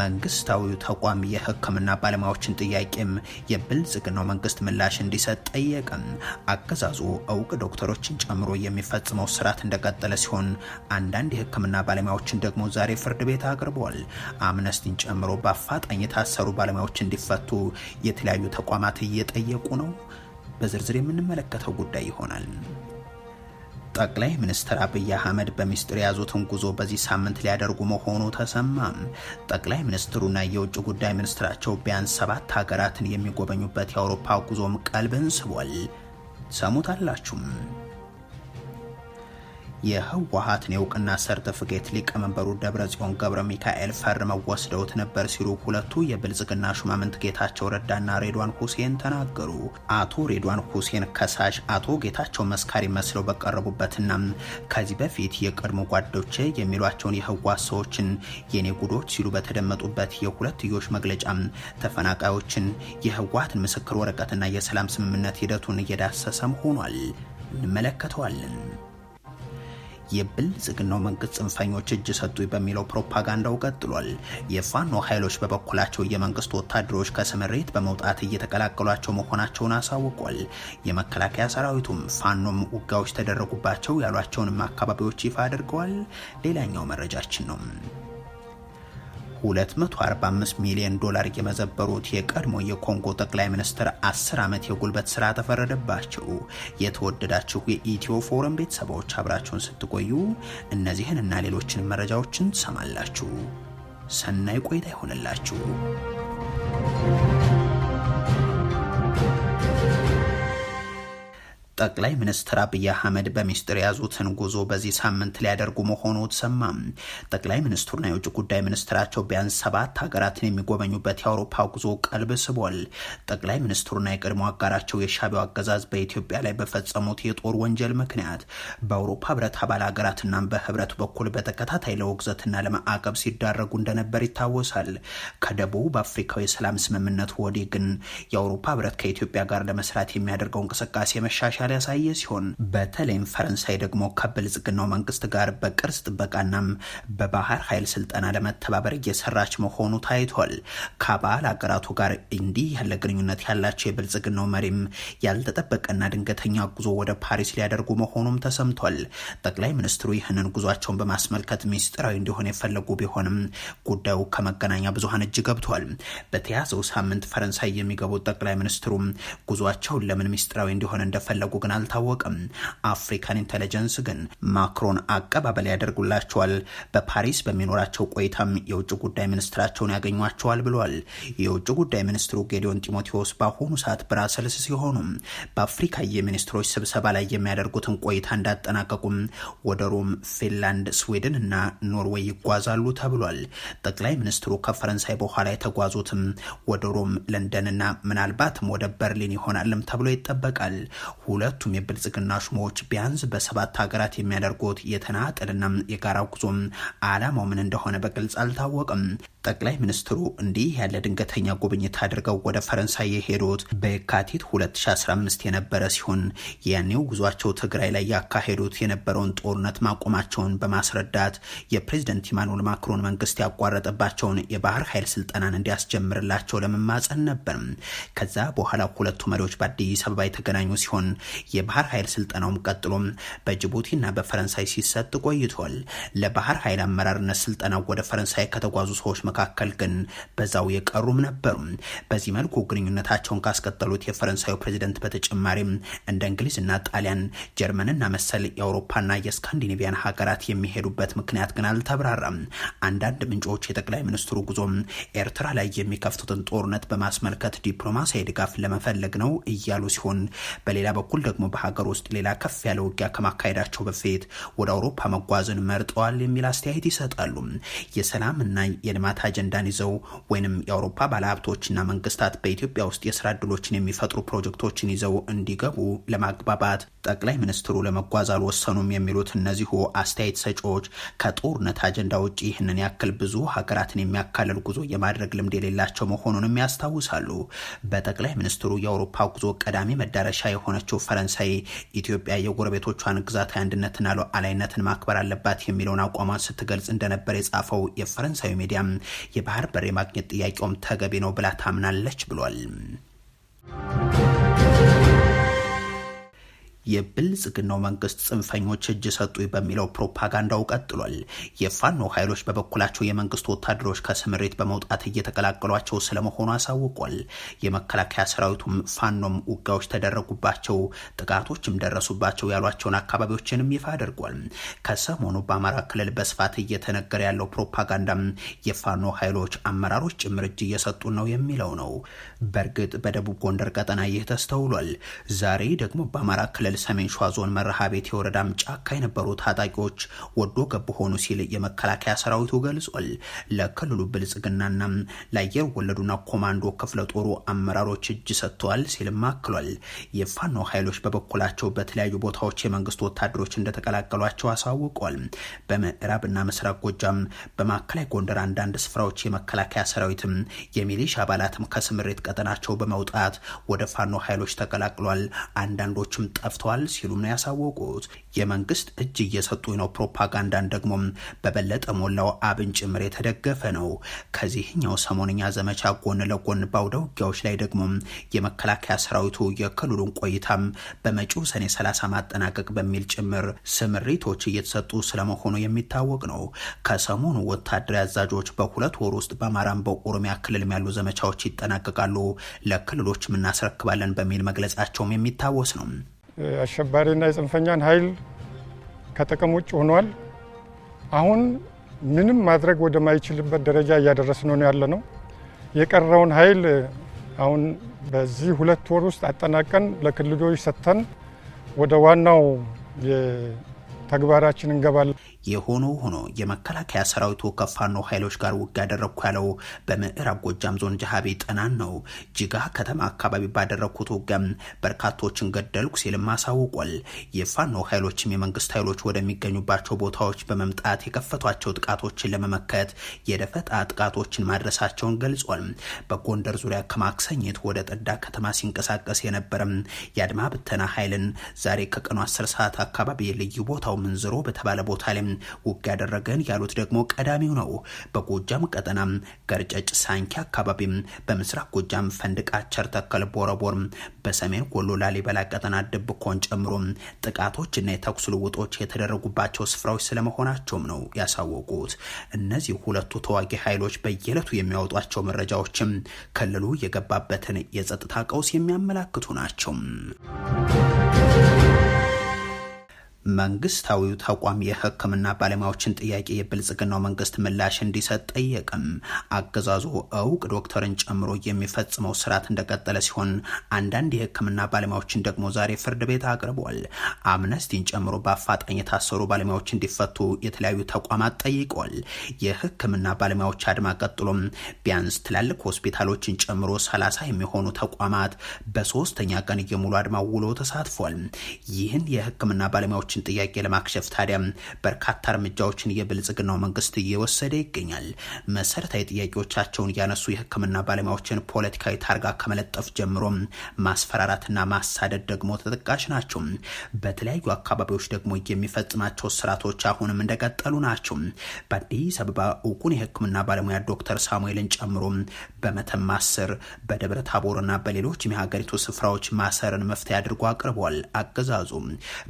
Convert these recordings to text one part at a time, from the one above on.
መንግስታዊ ተቋም የህክምና ባለሙያዎችን ጥያቄም የብልጽግናው መንግስት ምላሽ እንዲሰጥ ጠየቅም። አገዛዙ እውቅ ዶክተሮችን ጨምሮ የሚፈጽመው ስርዓት እንደቀጠለ ሲሆን አንዳንድ የህክምና ባለሙያዎችን ደግሞ ዛሬ ፍርድ ቤት አቅርበዋል። አምነስቲን ጨምሮ በአፋጣኝ የታሰሩ ባለሙያዎች እንዲፈቱ የተለያዩ ተቋማት እየጠየቁ ነው። በዝርዝር የምንመለከተው ጉዳይ ይሆናል። ጠቅላይ ሚኒስትር አብይ አህመድ በሚስጥር የያዙትን ጉዞ በዚህ ሳምንት ሊያደርጉ መሆኑ ተሰማም። ጠቅላይ ሚኒስትሩና የውጭ ጉዳይ ሚኒስትራቸው ቢያንስ ሰባት ሀገራትን የሚጎበኙበት የአውሮፓ ጉዞም ቀልብን ስቧል። ሰሙታላችሁም። የህወሓትን የእውቅና ሰርተፍኬት ሊቀመንበሩ ደብረጽዮን ገብረ ሚካኤል ፈርመው ወስደውት ነበር ሲሉ ሁለቱ የብልጽግና ሹማምንት ጌታቸው ረዳና ሬድዋን ሁሴን ተናገሩ። አቶ ሬድዋን ሁሴን ከሳሽ አቶ ጌታቸው መስካሪ መስለው በቀረቡበትና ከዚህ በፊት የቀድሞ ጓዶቼ የሚሏቸውን የህወሓት ሰዎችን የኔ ጉዶች ሲሉ በተደመጡበት የሁለትዮሽ መግለጫ ተፈናቃዮችን፣ የህወሓትን ምስክር ወረቀትና የሰላም ስምምነት ሂደቱን እየዳሰሰም ሆኗል። እንመለከተዋለን። የብልጽግናው መንግስት ጽንፈኞች እጅ ሰጡ በሚለው ፕሮፓጋንዳው ቀጥሏል። የፋኖ ኃይሎች በበኩላቸው የመንግስት ወታደሮች ከስምሬት በመውጣት እየተቀላቀሏቸው መሆናቸውን አሳውቋል። የመከላከያ ሰራዊቱም ፋኖም ውጋዎች ተደረጉባቸው ያሏቸውንም አካባቢዎች ይፋ አድርገዋል። ሌላኛው መረጃችን ነው። 245 ሚሊዮን ዶላር የመዘበሩት የቀድሞ የኮንጎ ጠቅላይ ሚኒስትር 10 ዓመት የጉልበት ስራ ተፈረደባቸው። የተወደዳችሁ የኢትዮ ፎረም ቤተሰቦች አብራችሁን ስትቆዩ እነዚህን እና ሌሎችን መረጃዎችን ትሰማላችሁ። ሰናይ ቆይታ ይሆንላችሁ። ጠቅላይ ሚኒስትር አብይ አህመድ በሚስጥር የያዙትን ጉዞ በዚህ ሳምንት ሊያደርጉ መሆኑ ተሰማ። ጠቅላይ ሚኒስትሩና የውጭ ጉዳይ ሚኒስትራቸው ቢያንስ ሰባት ሀገራትን የሚጎበኙበት የአውሮፓ ጉዞ ቀልብ ስቧል። ጠቅላይ ሚኒስትሩና የቀድሞ አጋራቸው የሻቢው አገዛዝ በኢትዮጵያ ላይ በፈጸሙት የጦር ወንጀል ምክንያት በአውሮፓ ህብረት አባል ሀገራትና በህብረት በኩል በተከታታይ ለውግዘትና ለማዕቀብ ሲዳረጉ እንደነበር ይታወሳል። ከደቡብ አፍሪካው የሰላም ስምምነት ወዲህ ግን የአውሮፓ ህብረት ከኢትዮጵያ ጋር ለመስራት የሚያደርገው እንቅስቃሴ መሻሻል መሻሻል ያሳየ ሲሆን በተለይም ፈረንሳይ ደግሞ ከብልጽግናው መንግስት ጋር በቅርስ ጥበቃናም በባህር ኃይል ስልጠና ለመተባበር እየሰራች መሆኑ ታይቷል። ከአባል አገራቱ ጋር እንዲህ ያለ ግንኙነት ያላቸው የብልጽግናው መሪም ያልተጠበቀና ድንገተኛ ጉዞ ወደ ፓሪስ ሊያደርጉ መሆኑም ተሰምቷል። ጠቅላይ ሚኒስትሩ ይህንን ጉዟቸውን በማስመልከት ሚስጥራዊ እንዲሆን የፈለጉ ቢሆንም ጉዳዩ ከመገናኛ ብዙሀን እጅ ገብቷል። በተያዘው ሳምንት ፈረንሳይ የሚገቡት ጠቅላይ ሚኒስትሩ ጉዟቸውን ለምን ሚስጥራዊ እንዲሆን እንደፈለጉ ግን አልታወቀም። አፍሪካን ኢንቴሊጀንስ ግን ማክሮን አቀባበል ያደርጉላቸዋል፣ በፓሪስ በሚኖራቸው ቆይታም የውጭ ጉዳይ ሚኒስትራቸውን ያገኟቸዋል ብሏል። የውጭ ጉዳይ ሚኒስትሩ ጌዲዮን ጢሞቴዎስ በአሁኑ ሰዓት ብራሰልስ ሲሆኑ በአፍሪካ የሚኒስትሮች ስብሰባ ላይ የሚያደርጉትን ቆይታ እንዳጠናቀቁም ወደ ሮም፣ ፊንላንድ፣ ስዊድን እና ኖርዌይ ይጓዛሉ ተብሏል። ጠቅላይ ሚኒስትሩ ከፈረንሳይ በኋላ የተጓዙትም ወደ ሮም፣ ለንደንና ምናልባትም ወደ በርሊን ይሆናልም ተብሎ ይጠበቃል። ሁለቱም የብልጽግና ሹሞች ቢያንስ በሰባት ሀገራት የሚያደርጉት የተናጠልና የጋራ ጉዞም አላማው ምን እንደሆነ በግልጽ አልታወቅም። ጠቅላይ ሚኒስትሩ እንዲህ ያለ ድንገተኛ ጉብኝት አድርገው ወደ ፈረንሳይ የሄዱት በየካቲት 2015 የነበረ ሲሆን ያኔው ጉዟቸው ትግራይ ላይ ያካሄዱት የነበረውን ጦርነት ማቆማቸውን በማስረዳት የፕሬዝደንት ኢማኑኤል ማክሮን መንግስት ያቋረጠባቸውን የባህር ኃይል ስልጠናን እንዲያስጀምርላቸው ለመማፀን ነበር። ከዛ በኋላ ሁለቱ መሪዎች በአዲስ አበባ የተገናኙ ሲሆን የባህር ኃይል ስልጠናውም ቀጥሎም በጅቡቲና በፈረንሳይ ሲሰጥ ቆይቷል። ለባህር ኃይል አመራርነት ስልጠናው ወደ ፈረንሳይ ከተጓዙ ሰዎች መካከል ግን በዛው የቀሩም ነበሩ። በዚህ መልኩ ግንኙነታቸውን ካስቀጠሉት የፈረንሳዩ ፕሬዚደንት በተጨማሪም እንደ እንግሊዝና ጣሊያን፣ ጀርመንና መሰል የአውሮፓና የስካንዲኔቪያን ሀገራት የሚሄዱበት ምክንያት ግን አልተብራራም። አንዳንድ ምንጮች የጠቅላይ ሚኒስትሩ ጉዞም ኤርትራ ላይ የሚከፍቱትን ጦርነት በማስመልከት ዲፕሎማሲያዊ ድጋፍ ለመፈለግ ነው እያሉ ሲሆን፣ በሌላ በኩል ደግሞ በሀገር ውስጥ ሌላ ከፍ ያለ ውጊያ ከማካሄዳቸው በፊት ወደ አውሮፓ መጓዝን መርጠዋል የሚል አስተያየት ይሰጣሉ። የሰላምና የልማት አጀንዳን ይዘው ወይንም የአውሮፓ ባለሀብቶችና መንግስታት በኢትዮጵያ ውስጥ የስራ እድሎችን የሚፈጥሩ ፕሮጀክቶችን ይዘው እንዲገቡ ለማግባባት ጠቅላይ ሚኒስትሩ ለመጓዝ አልወሰኑም የሚሉት እነዚሁ አስተያየት ሰጪዎች ከጦርነት አጀንዳ ውጭ ይህንን ያክል ብዙ ሀገራትን የሚያካልል ጉዞ የማድረግ ልምድ የሌላቸው መሆኑንም ያስታውሳሉ። በጠቅላይ ሚኒስትሩ የአውሮፓ ጉዞ ቀዳሚ መዳረሻ የሆነችው ፈረንሳይ ኢትዮጵያ የጎረቤቶቿን ግዛታዊ አንድነትና ሉዓላዊነትን ማክበር አለባት የሚለውን አቋሟን ስትገልጽ እንደነበር የጻፈው የፈረንሳዊ ሚዲያ የባህር በር የማግኘት ጥያቄውም ተገቢ ነው ብላ ታምናለች ብሏል። የብልጽግናው መንግስት ጽንፈኞች እጅ ሰጡ በሚለው ፕሮፓጋንዳው ቀጥሏል። የፋኖ ኃይሎች በበኩላቸው የመንግስት ወታደሮች ከስምሬት በመውጣት እየተቀላቀሏቸው ስለመሆኑ አሳውቋል። የመከላከያ ሰራዊቱም ፋኖም ውጋዎች ተደረጉባቸው፣ ጥቃቶችም ደረሱባቸው ያሏቸውን አካባቢዎችንም ይፋ አድርጓል። ከሰሞኑ በአማራ ክልል በስፋት እየተነገረ ያለው ፕሮፓጋንዳም የፋኖ ኃይሎች አመራሮች ጭምር እጅ እየሰጡ ነው የሚለው ነው። በእርግጥ በደቡብ ጎንደር ቀጠና ይህ ተስተውሏል። ዛሬ ደግሞ በአማራ ክልል ሰሜን ሸዋ ዞን መርሃ ቤት የወረዳም ጫካ የነበሩ ታጣቂዎች ወዶ ገብ ሆኑ ሲል የመከላከያ ሰራዊቱ ገልጿል። ለክልሉ ብልጽግናና ለአየር ወለዱና ኮማንዶ ክፍለ ጦሩ አመራሮች እጅ ሰጥተዋል ሲልም አክሏል። የፋኖ ኃይሎች በበኩላቸው በተለያዩ ቦታዎች የመንግስት ወታደሮች እንደተቀላቀሏቸው አሳውቋል። በምዕራብና ምስራቅ ጎጃም፣ በማዕከላዊ ጎንደር አንዳንድ ስፍራዎች የመከላከያ ሰራዊትም የሚሊሻ አባላትም ከስምሬት ቀጠናቸው በመውጣት ወደ ፋኖ ኃይሎች ተቀላቅሏል። አንዳንዶችም ጠፍተዋል ተዘጋጅተዋል ሲሉም ነው ያሳወቁት። የመንግስት እጅ እየሰጡ ነው ፕሮፓጋንዳን ደግሞ በበለጠ ሞላው አብን ጭምር የተደገፈ ነው። ከዚህኛው ሰሞንኛ ዘመቻ ጎን ለጎን ባውደ ውጊያዎች ላይ ደግሞ የመከላከያ ሰራዊቱ የክልሉን ቆይታም በመጪው ሰኔ 30 ማጠናቀቅ በሚል ጭምር ስምሪቶች እየተሰጡ ስለመሆኑ የሚታወቅ ነው። ከሰሞኑ ወታደራዊ አዛዦች በሁለት ወር ውስጥ በአማራም በኦሮሚያ ክልልም ያሉ ዘመቻዎች ይጠናቀቃሉ፣ ለክልሎችም እናስረክባለን በሚል መግለጻቸውም የሚታወስ ነው። አሸባሪና የጽንፈኛን ኃይል ከጥቅም ውጭ ሆኗል። አሁን ምንም ማድረግ ወደማይችልበት ደረጃ እያደረስን ነው ያለ ነው። የቀረውን ኃይል አሁን በዚህ ሁለት ወር ውስጥ አጠናቀን ለክልሎች ሰጥተን ወደ ዋናው ተግባራችን እንገባለን። የሆኖ ሆኖ የመከላከያ ሰራዊቱ ከፋኖ ኃይሎች ጋር ውጊያ ያደረግኩ ያለው በምዕራብ ጎጃም ዞን ጃሃቤ ጠናን ነው። ጅጋ ከተማ አካባቢ ባደረግኩት ውጊያም በርካቶችን ገደልኩ ሲልም አሳውቋል። የፋኖ ኃይሎችም የመንግስት ኃይሎች ወደሚገኙባቸው ቦታዎች በመምጣት የከፈቷቸው ጥቃቶችን ለመመከት የደፈጣ ጥቃቶችን ማድረሳቸውን ገልጿል። በጎንደር ዙሪያ ከማክሰኝት ወደ ጠዳ ከተማ ሲንቀሳቀስ የነበረም የአድማ ብተና ኃይልን ዛሬ ከቀኑ 10 ሰዓት አካባቢ ልዩ ቦታው ምንዝሮ በተባለ ቦታ ላይም ውግ ያደረገን ያሉት ደግሞ ቀዳሚው ነው። በጎጃም ቀጠና ገርጨጭ ሳንኪ አካባቢም፣ በምስራቅ ጎጃም ፈንድቃ ቸርተከል ቦረቦር፣ በሰሜን ወሎ ላሊበላ ቀጠና ድብኮን ጨምሮ ጥቃቶችና የተኩስ ልውጦች የተደረጉባቸው ስፍራዎች ስለመሆናቸውም ነው ያሳወቁት። እነዚህ ሁለቱ ተዋጊ ኃይሎች በየዕለቱ የሚያወጧቸው መረጃዎችም ክልሉ የገባበትን የጸጥታ ቀውስ የሚያመላክቱ ናቸው። መንግስታዊው ተቋም የህክምና ባለሙያዎችን ጥያቄ የብልጽግናው መንግስት ምላሽ እንዲሰጥ ጠየቅም። አገዛዙ እውቅ ዶክተርን ጨምሮ የሚፈጽመው ስርዓት እንደቀጠለ ሲሆን አንዳንድ የህክምና ባለሙያዎችን ደግሞ ዛሬ ፍርድ ቤት አቅርቧል። አምነስቲን ጨምሮ በአፋጣኝ የታሰሩ ባለሙያዎች እንዲፈቱ የተለያዩ ተቋማት ጠይቋል። የህክምና ባለሙያዎች አድማ ቀጥሎም ቢያንስ ትላልቅ ሆስፒታሎችን ጨምሮ ሰላሳ የሚሆኑ ተቋማት በሶስተኛ ቀን የሙሉ አድማ ውሎ ተሳትፏል። ይህን የህክምና ባለሙያዎች የብዙዎችን ጥያቄ ለማክሸፍ ታዲያ በርካታ እርምጃዎችን የብልጽግናው መንግስት እየወሰደ ይገኛል። መሰረታዊ ጥያቄዎቻቸውን ያነሱ የህክምና ባለሙያዎችን ፖለቲካዊ ታርጋ ከመለጠፍ ጀምሮ ማስፈራራትና ማሳደድ ደግሞ ተጠቃሽ ናቸው። በተለያዩ አካባቢዎች ደግሞ የሚፈጽማቸው ስርዓቶች አሁንም እንደቀጠሉ ናቸው። በአዲስ አበባ እውቁን የህክምና ባለሙያ ዶክተር ሳሙኤልን ጨምሮ በመተማ ስር በደብረ ታቦርና በሌሎችም የሀገሪቱ ስፍራዎች ማሰርን መፍትሄ አድርጎ አቅርቧል። አገዛዙ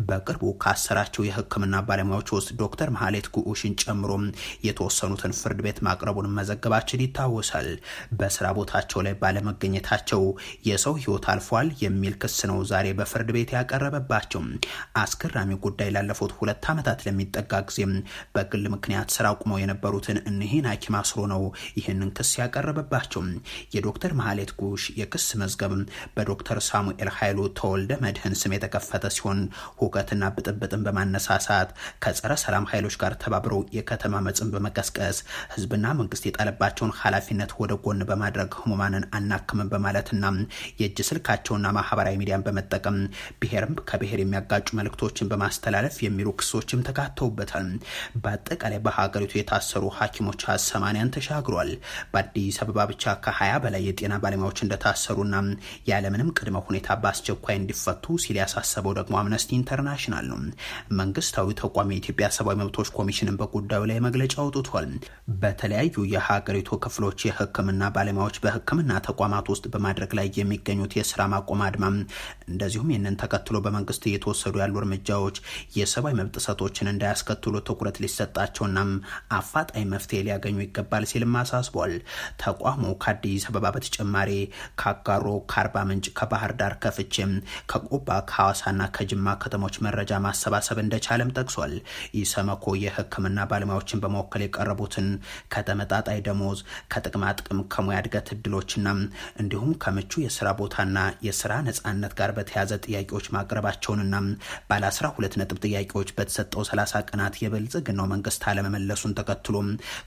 በቅርቡ ያሰራቸው የህክምና ባለሙያዎች ውስጥ ዶክተር መሐሌት ጉዑሽን ጨምሮ የተወሰኑትን ፍርድ ቤት ማቅረቡን መዘገባችን ይታወሳል። በስራ ቦታቸው ላይ ባለመገኘታቸው የሰው ህይወት አልፏል የሚል ክስ ነው ዛሬ በፍርድ ቤት ያቀረበባቸው። አስገራሚ ጉዳይ ላለፉት ሁለት ዓመታት ለሚጠጋ ጊዜ በግል ምክንያት ስራ አቁመው የነበሩትን እኒህን ሐኪም አስሮ ነው ይህንን ክስ ያቀረበባቸው። የዶክተር መሐሌት ጉሽ የክስ መዝገብ በዶክተር ሳሙኤል ኃይሉ ተወልደ መድህን ስም የተከፈተ ሲሆን ሁከትና ብጥብ ብጥብጥን በማነሳሳት ከጸረ ሰላም ኃይሎች ጋር ተባብረው የከተማ መጽን በመቀስቀስ ህዝብና መንግስት የጣለባቸውን ኃላፊነት ወደ ጎን በማድረግ ህሙማንን አናክምን በማለትና የእጅ ስልካቸውና ማህበራዊ ሚዲያን በመጠቀም ብሔርም ከብሔር የሚያጋጩ መልእክቶችን በማስተላለፍ የሚሉ ክሶችም ተካተውበታል። በአጠቃላይ በሀገሪቱ የታሰሩ ሐኪሞች ሰማንያን ተሻግሯል። በአዲስ አበባ ብቻ ከ20 በላይ የጤና ባለሙያዎች እንደታሰሩና ያለምንም ቅድመ ሁኔታ በአስቸኳይ እንዲፈቱ ሲል ያሳሰበው ደግሞ አምነስቲ ኢንተርናሽናል ነው። መንግስታዊ ተቋም የኢትዮጵያ ሰብአዊ መብቶች ኮሚሽንን በጉዳዩ ላይ መግለጫ አውጥቷል። በተለያዩ የሀገሪቱ ክፍሎች የህክምና ባለሙያዎች በህክምና ተቋማት ውስጥ በማድረግ ላይ የሚገኙት የስራ ማቆም አድማ፣ እንደዚሁም ይህንን ተከትሎ በመንግስት እየተወሰዱ ያሉ እርምጃዎች የሰብአዊ መብት ጥሰቶችን እንዳያስከትሉ ትኩረት ሊሰጣቸውና አፋጣኝ መፍትሄ ሊያገኙ ይገባል ሲልም አሳስቧል። ተቋሙ ከአዲስ አበባ በተጨማሪ ከአጋሮ፣ ከአርባ ምንጭ፣ ከባህር ዳር፣ ከፍቼም፣ ከቆባ፣ ከሐዋሳና ከጅማ ከተሞች መረጃ ማሰባሰብ እንደቻለም ጠቅሷል። ኢሰመኮ የህክምና ባለሙያዎችን በመወከል የቀረቡትን ከተመጣጣይ ደሞዝ፣ ከጥቅማ ጥቅም፣ ከሙያ እድገት እድሎችና እንዲሁም ከምቹ የስራ ቦታና የስራ ነጻነት ጋር በተያያዘ ጥያቄዎች ማቅረባቸውንና ባለ 12 ሁለት ነጥብ ጥያቄዎች በተሰጠው ሰላሳ ቀናት የብልጽግናው መንግስት አለመመለሱን ተከትሎ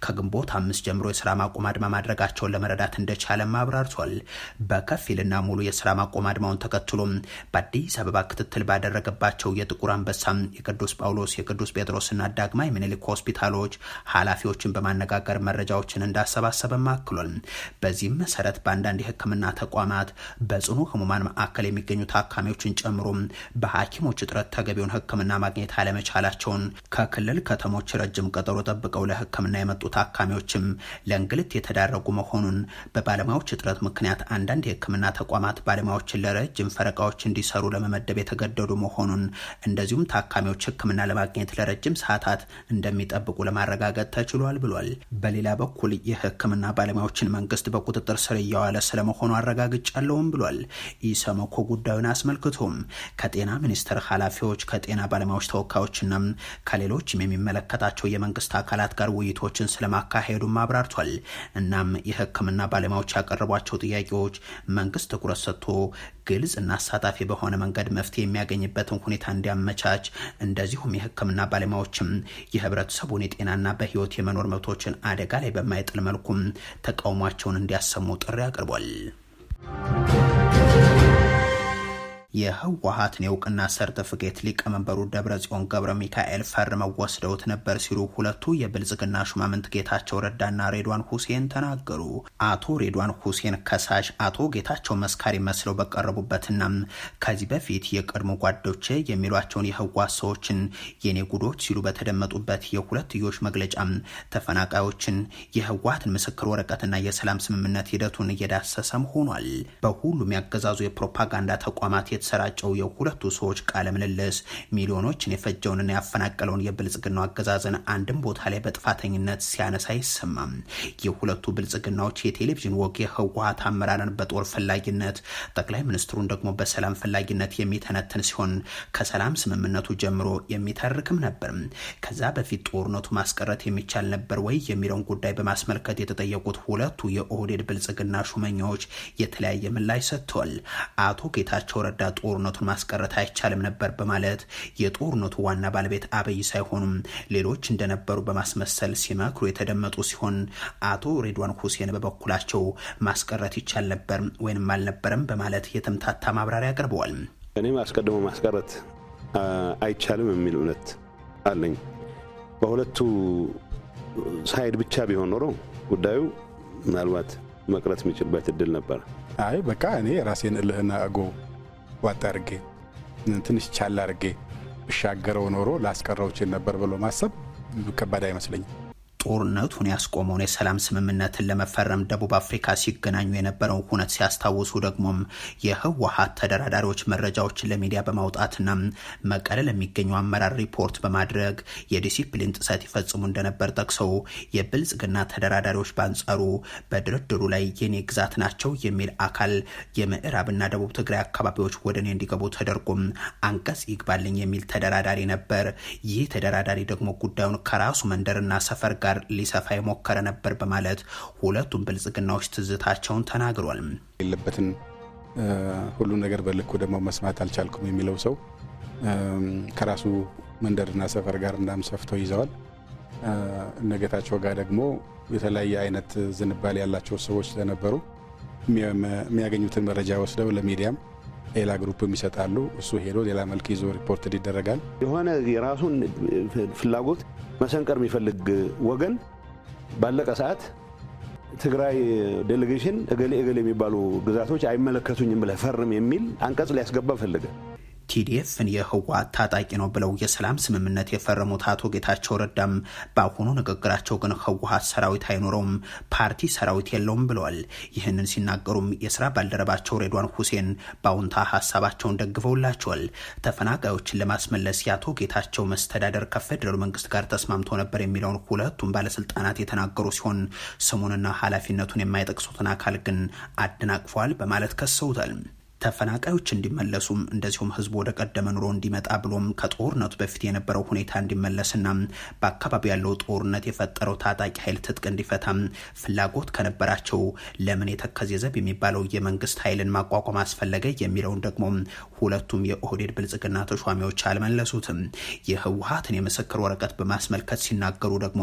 ከግንቦት አምስት ጀምሮ የስራ ማቆም አድማ ማድረጋቸውን ለመረዳት እንደቻለም አብራርቷል። በከፊልና ሙሉ የስራ ማቆም አድማውን ተከትሎ በአዲስ አበባ ክትትል ባደረገባቸው የጥቁር አንበሳ አይረሳም። የቅዱስ ጳውሎስ የቅዱስ ጴጥሮስና ዳግማ ምኒልክ ሆስፒታሎች ኃላፊዎችን በማነጋገር መረጃዎችን እንዳሰባሰበም አክሏል። በዚህም መሰረት በአንዳንድ የሕክምና ተቋማት በጽኑ ህሙማን ማዕከል የሚገኙ ታካሚዎችን ጨምሮ በሐኪሞች እጥረት ተገቢውን ሕክምና ማግኘት አለመቻላቸውን ከክልል ከተሞች ረጅም ቀጠሮ ጠብቀው ለሕክምና የመጡ ታካሚዎችም ለእንግልት የተዳረጉ መሆኑን በባለሙያዎች እጥረት ምክንያት አንዳንድ የሕክምና ተቋማት ባለሙያዎችን ለረጅም ፈረቃዎች እንዲሰሩ ለመመደብ የተገደዱ መሆኑን እንደዚሁም ታካሚዎች ህክምና ለማግኘት ለረጅም ሰዓታት እንደሚጠብቁ ለማረጋገጥ ተችሏል ብሏል። በሌላ በኩል የህክምና ባለሙያዎችን መንግስት በቁጥጥር ስር እያዋለ ስለመሆኑ አረጋግጫለውም ብሏል። ኢሰመኮ ጉዳዩን አስመልክቶም ከጤና ሚኒስቴር ኃላፊዎች ከጤና ባለሙያዎች ተወካዮችና ከሌሎችም የሚመለከታቸው የመንግስት አካላት ጋር ውይይቶችን ስለማካሄዱም አብራርቷል። እናም የህክምና ባለሙያዎች ያቀረቧቸው ጥያቄዎች መንግስት ትኩረት ሰጥቶ ግልጽ እና አሳታፊ በሆነ መንገድ መፍትሄ የሚያገኝበትን ሁኔታ እንዲያመቻች፣ እንደዚሁም የሕክምና ባለሙያዎችም የህብረተሰቡን የጤናና በህይወት የመኖር መብቶችን አደጋ ላይ በማይጥል መልኩም ተቃውሟቸውን እንዲያሰሙ ጥሪ አቅርቧል። የህወሀትን የእውቅና ሰርተፍኬት ሊቀመንበሩ ደብረጽዮን ገብረ ሚካኤል ፈርመው ወስደውት ነበር ሲሉ ሁለቱ የብልጽግና ሹማምንት ጌታቸው ረዳና ሬድዋን ሁሴን ተናገሩ። አቶ ሬድዋን ሁሴን ከሳሽ አቶ ጌታቸው መስካሪ መስለው በቀረቡበትና ከዚህ በፊት የቀድሞ ጓዶች የሚሏቸውን የህወሀት ሰዎችን የኔ ጉዶች ሲሉ በተደመጡበት የሁለትዮሽ መግለጫ ተፈናቃዮችን፣ የህወሀትን ምስክር ወረቀትና የሰላም ስምምነት ሂደቱን እየዳሰሰም ሆኗል። በሁሉም ያገዛዙ የፕሮፓጋንዳ ተቋማት የተሰራጨው የሁለቱ ሰዎች ቃለ ምልልስ ሚሊዮኖችን የፈጀውንና ያፈናቀለውን የብልጽግናው አገዛዝን አንድም ቦታ ላይ በጥፋተኝነት ሲያነሳ አይሰማም። የሁለቱ ብልጽግናዎች የቴሌቪዥን ወግ የህወሀት አመራርን በጦር ፈላጊነት፣ ጠቅላይ ሚኒስትሩን ደግሞ በሰላም ፈላጊነት የሚተነትን ሲሆን ከሰላም ስምምነቱ ጀምሮ የሚተርክም ነበር። ከዛ በፊት ጦርነቱ ማስቀረት የሚቻል ነበር ወይ የሚለውን ጉዳይ በማስመልከት የተጠየቁት ሁለቱ የኦህዴድ ብልጽግና ሹመኛዎች የተለያየ ምላሽ ሰጥተዋል። አቶ ጌታቸው ረዳ ጦርነቱን ማስቀረት አይቻልም ነበር በማለት የጦርነቱ ዋና ባለቤት አብይ ሳይሆኑም ሌሎች እንደነበሩ በማስመሰል ሲመክሩ የተደመጡ ሲሆን አቶ ሬድዋን ሁሴን በበኩላቸው ማስቀረት ይቻል ነበር ወይንም አልነበረም በማለት የተምታታ ማብራሪያ አቅርበዋል። እኔም አስቀድሞ ማስቀረት አይቻልም የሚል እምነት አለኝ። በሁለቱ ሳይድ ብቻ ቢሆን ኖሮ ጉዳዩ ምናልባት መቅረት የሚችልበት እድል ነበር። አይ በቃ እኔ ራሴን እልህና አጎ ዋጥ አድርጌ ትንሽ ቻል አድርጌ እሻገረው ኖሮ ላስቀረው ነበር ብሎ ማሰብ ከባድ አይመስለኝም። ጦርነቱን ያስቆመውን የሰላም ስምምነትን ለመፈረም ደቡብ አፍሪካ ሲገናኙ የነበረው ሁነት ሲያስታውሱ ደግሞም የህወሀት ተደራዳሪዎች መረጃዎችን ለሚዲያ በማውጣትና መቀለ ለሚገኙ አመራር ሪፖርት በማድረግ የዲሲፕሊን ጥሰት ይፈጽሙ እንደነበር ጠቅሰው የብልጽግና ተደራዳሪዎች በአንጻሩ በድርድሩ ላይ የኔ ግዛት ናቸው የሚል አካል የምዕራብና ደቡብ ትግራይ አካባቢዎች ወደ እኔ እንዲገቡ ተደርጎም አንቀጽ ይግባልኝ የሚል ተደራዳሪ ነበር። ይህ ተደራዳሪ ደግሞ ጉዳዩን ከራሱ መንደርና ሰፈር ጋር ጋር ሊሰፋ የሞከረ ነበር በማለት ሁለቱም ብልጽግናዎች ትዝታቸውን ተናግሯል። የለበትን ሁሉም ነገር በልኩ ደግሞ መስማት አልቻልኩም የሚለው ሰው ከራሱ መንደርና ሰፈር ጋር እንዳም ሰፍተው ይዘዋል። እነ ጋር ደግሞ የተለያየ አይነት ዝንባሌ ያላቸው ሰዎች ስለነበሩ የሚያገኙትን መረጃ ወስደው ለሚዲያም ሌላ ግሩፕም ይሰጣሉ። እሱ ሄዶ ሌላ መልክ ይዞ ሪፖርትድ ይደረጋል። የሆነ የራሱን ፍላጎት መሰንቀር የሚፈልግ ወገን ባለቀ ሰዓት ትግራይ ዴሌጌሽን እገሌ እገሌ የሚባሉ ግዛቶች አይመለከቱኝም ብለህ ፈርም የሚል አንቀጽ ሊያስገባ ፈልገ ቲዲኤፍን የህወሓት ታጣቂ ነው ብለው የሰላም ስምምነት የፈረሙት አቶ ጌታቸው ረዳም በአሁኑ ንግግራቸው ግን ህወሓት ሰራዊት አይኖረውም፣ ፓርቲ ሰራዊት የለውም ብለዋል። ይህንን ሲናገሩም የስራ ባልደረባቸው ሬድዋን ሁሴን በአውንታ ሀሳባቸውን ደግፈውላቸዋል። ተፈናቃዮችን ለማስመለስ የአቶ ጌታቸው መስተዳደር ከፌደራሉ መንግስት ጋር ተስማምቶ ነበር የሚለውን ሁለቱም ባለስልጣናት የተናገሩ ሲሆን ስሙንና ኃላፊነቱን የማይጠቅሱትን አካል ግን አደናቅፏል በማለት ከሰውታል። ተፈናቃዮች እንዲመለሱም እንደዚሁም ህዝቡ ወደ ቀደመ ኑሮ እንዲመጣ ብሎም ከጦርነቱ በፊት የነበረው ሁኔታ እንዲመለስና በአካባቢ ያለው ጦርነት የፈጠረው ታጣቂ ኃይል ትጥቅ እንዲፈታ ፍላጎት ከነበራቸው ለምን የተከዜ ዘብ የሚባለው የመንግስት ኃይልን ማቋቋም አስፈለገ የሚለውን ደግሞ ሁለቱም የኦህዴድ ብልጽግና ተሿሚዎች አልመለሱትም። የህወሀትን የምስክር ወረቀት በማስመልከት ሲናገሩ ደግሞ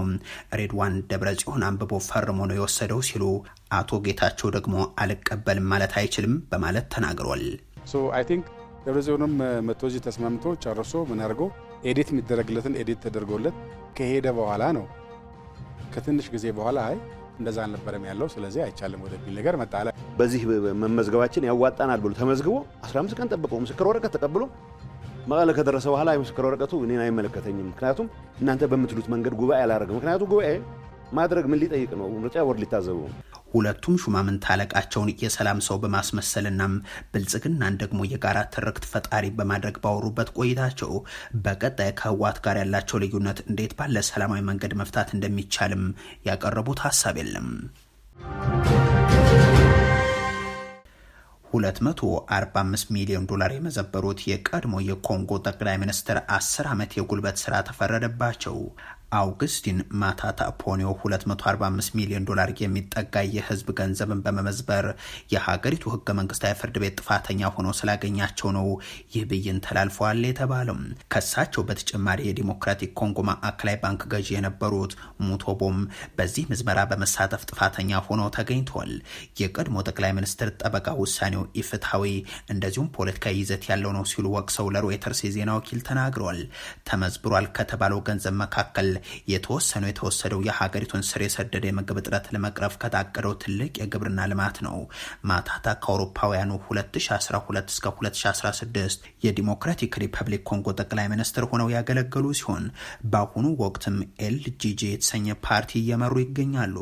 ሬድዋን ደብረጽዮን አንብቦ ፈርሞ ነው የወሰደው ሲሉ አቶ ጌታቸው ደግሞ አልቀበልም ማለት አይችልም በማለት ተናግሯል። ደብረጽዮንም መቶ እዚህ ተስማምቶ ጨርሶ ምን አድርጎ ኤዲት የሚደረግለትን ኤዲት ተደርጎለት ከሄደ በኋላ ነው ከትንሽ ጊዜ በኋላ አይ እንደዛ አልነበረም ያለው፣ ስለዚህ አይቻልም ወደሚል ነገር መጣ። በዚህ መመዝገባችን ያዋጣናል ብሎ ተመዝግቦ 15 ቀን ጠብቆ ምስክር ወረቀት ተቀብሎ መቀለ ከደረሰ በኋላ ምስክር ወረቀቱ እኔን አይመለከተኝም፣ ምክንያቱም እናንተ በምትሉት መንገድ ጉባኤ አላደረግም። ምክንያቱም ጉባኤ ማድረግ ምን ሊጠይቅ ነው? ምርጫ ቦርድ ሊታዘበው ሁለቱም ሹማምንት አለቃቸውን የሰላም ሰው በማስመሰልና ብልጽግናን ደግሞ የጋራ ትርክት ፈጣሪ በማድረግ ባወሩበት ቆይታቸው በቀጣይ ከህወሓት ጋር ያላቸው ልዩነት እንዴት ባለ ሰላማዊ መንገድ መፍታት እንደሚቻልም ያቀረቡት ሀሳብ የለም። 245 ሚሊዮን ዶላር የመዘበሩት የቀድሞ የኮንጎ ጠቅላይ ሚኒስትር 10 ዓመት የጉልበት ስራ ተፈረደባቸው። አውግስቲን ማታታ ፖኒዮ 245 ሚሊዮን ዶላር የሚጠጋ የህዝብ ገንዘብን በመመዝበር የሀገሪቱ ህገ መንግስታዊ ፍርድ ቤት ጥፋተኛ ሆኖ ስላገኛቸው ነው ይህ ብይን ተላልፈዋል የተባለም። ከሳቸው በተጨማሪ የዲሞክራቲክ ኮንጎ ማዕከላዊ ባንክ ገዢ የነበሩት ሙቶቦም በዚህ ምዝመራ በመሳተፍ ጥፋተኛ ሆኖ ተገኝቷል። የቀድሞ ጠቅላይ ሚኒስትር ጠበቃ ውሳኔው ኢፍትሐዊ እንደዚሁም ፖለቲካዊ ይዘት ያለው ነው ሲሉ ወቅሰው ለሮይተርስ የዜና ወኪል ተናግረዋል። ተመዝብሯል ከተባለው ገንዘብ መካከል የተወሰነው የተወሰደው የሀገሪቱን ስር የሰደደ የምግብ እጥረት ለመቅረፍ ከታቀደው ትልቅ የግብርና ልማት ነው። ማታታ ከአውሮፓውያኑ 2012 እስከ 2016 የዲሞክራቲክ ሪፐብሊክ ኮንጎ ጠቅላይ ሚኒስትር ሆነው ያገለገሉ ሲሆን በአሁኑ ወቅትም ኤልጂጂ የተሰኘ ፓርቲ እየመሩ ይገኛሉ።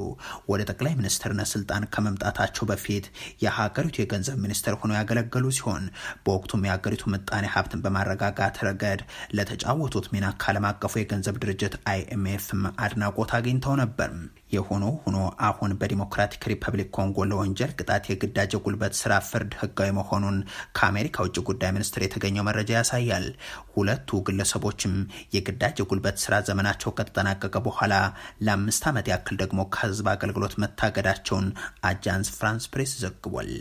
ወደ ጠቅላይ ሚኒስትርነት ስልጣን ከመምጣታቸው በፊት የሀገሪቱ የገንዘብ ሚኒስትር ሆነው ያገለገሉ ሲሆን በወቅቱም የሀገሪቱ ምጣኔ ሀብትን በማረጋጋት ረገድ ለተጫወቱት ሚና ከዓለም አቀፉ የገንዘብ ድርጅት አይ አይኤምኤፍም አድናቆት አግኝተው ነበር። የሆኖ ሆኖ አሁን በዲሞክራቲክ ሪፐብሊክ ኮንጎ ለወንጀል ቅጣት የግዳጅ ጉልበት ስራ ፍርድ ህጋዊ መሆኑን ከአሜሪካ ውጭ ጉዳይ ሚኒስቴር የተገኘው መረጃ ያሳያል። ሁለቱ ግለሰቦችም የግዳጅ ጉልበት ስራ ዘመናቸው ከተጠናቀቀ በኋላ ለአምስት ዓመት ያክል ደግሞ ከህዝብ አገልግሎት መታገዳቸውን አጃንስ ፍራንስ ፕሬስ ዘግቧል።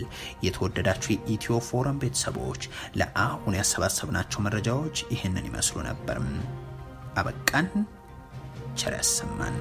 የተወደዳችሁ የኢትዮ ፎረም ቤተሰቦች ለአሁን ያሰባሰብናቸው መረጃዎች ይህንን ይመስሉ ነበር። አበቃን። ቸር ያሰማን።